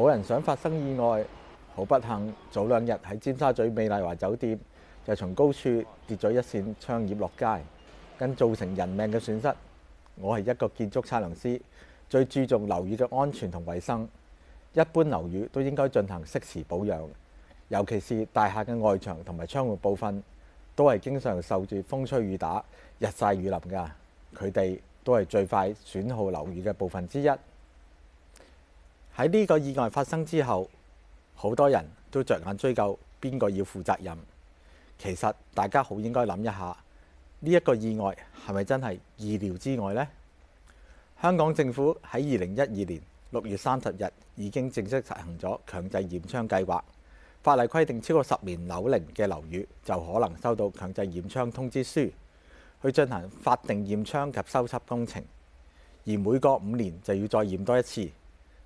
冇人想發生意外，好不幸早兩日喺尖沙咀美麗華酒店就從高處跌咗一扇窗葉落街，更造成人命嘅損失。我係一個建築測量師，最注重樓宇嘅安全同衛生。一般樓宇都應該進行適時保養，尤其是大廈嘅外牆同埋窗戶部分，都係經常受住風吹雨打、日曬雨淋㗎。佢哋都係最快損耗樓宇嘅部分之一。喺呢個意外發生之後，好多人都着眼追究邊個要負責任。其實大家好應該諗一下，呢、這、一個意外係咪真係意料之外呢？香港政府喺二零一二年六月三十日已經正式實行咗強制驗窗計劃，法例規定超過十年樓齡嘅樓宇就可能收到強制驗窗通知書，去進行法定驗窗及修葺工程，而每過五年就要再驗多一次。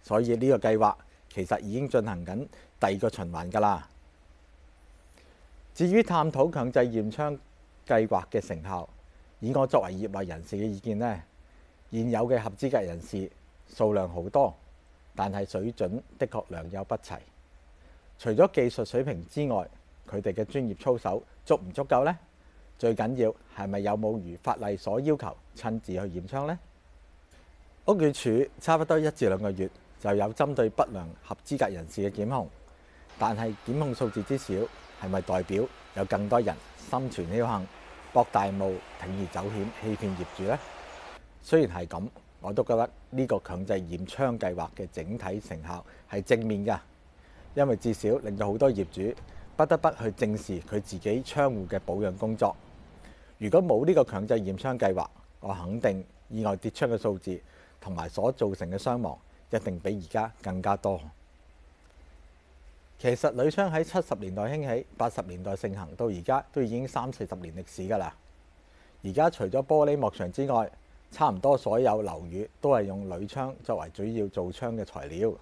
所以呢個計劃其實已經進行緊第二個循環㗎啦。至於探討強制驗窗計劃嘅成效，以我作為業外人士嘅意見呢，現有嘅合資格人士數量好多，但係水準的確良莠不齊。除咗技術水平之外，佢哋嘅專業操守足唔足夠呢？最緊要係咪有冇如法例所要求，親自去驗窗呢？屋苑處差不多一至兩個月。就有針對不良合資格人士嘅檢控，但係檢控數字之少係咪代表有更多人心存僥倖、博大霧、鋌而走險、欺騙業主呢？雖然係咁，我都覺得呢個強制驗窗計劃嘅整體成效係正面㗎，因為至少令到好多業主不得不去正視佢自己窗戶嘅保養工作。如果冇呢個強制驗窗計劃，我肯定意外跌窗嘅數字同埋所造成嘅傷亡，一定比而家更加多。其實鋁窗喺七十年代興起，八十年代盛行到現在，到而家都已經三四十年歷史㗎啦。而家除咗玻璃幕牆之外，差唔多所有樓宇都係用鋁窗作為主要造窗嘅材料。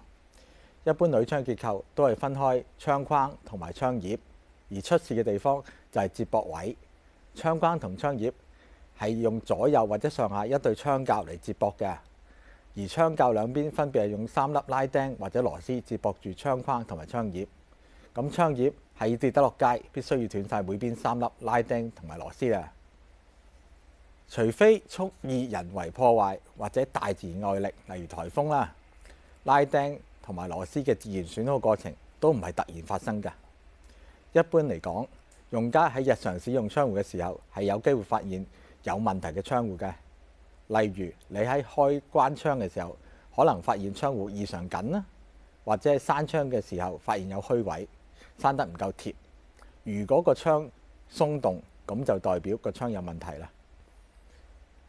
一般鋁窗結構都係分開窗框同埋窗葉，而出事嘅地方就係接駁位。窗框同窗葉係用左右或者上下一對窗架嚟接駁嘅。而窗架兩邊分別係用三粒拉釘或者螺絲接駁住窗框同埋窗葉，咁窗葉係要跌得落街，必須要斷曬每邊三粒拉釘同埋螺絲啊！除非蓄意人為破壞或者大自然外力，例如颱風啦，拉釘同埋螺絲嘅自然損耗過程都唔係突然發生㗎。一般嚟講，用家喺日常使用窗戶嘅時候，係有機會發現有問題嘅窗戶嘅。例如你喺開關窗嘅時候，可能發現窗戶異常緊啦、啊，或者係閂窗嘅時候發現有虛位，閂得唔夠貼。如果個窗鬆動，咁就代表個窗有問題啦。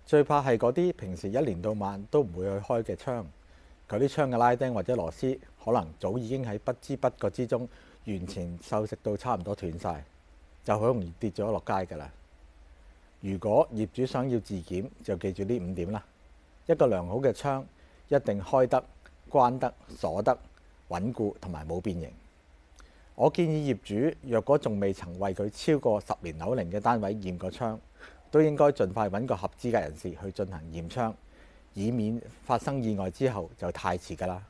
最怕係嗰啲平時一年到晚都唔會去開嘅窗，佢啲窗嘅拉釘或者螺絲，可能早已經喺不知不覺之中完全鏽蝕到差唔多斷晒，就好容易跌咗落街㗎啦。如果業主想要自檢，就記住呢五點啦。一個良好嘅窗一定開得、關得、鎖得穩固，同埋冇變形。我建議業主若果仲未曾為佢超過十年樓齡嘅單位驗過窗，都應該盡快搵個合資格人士去進行驗窗，以免發生意外之後就太遲㗎啦。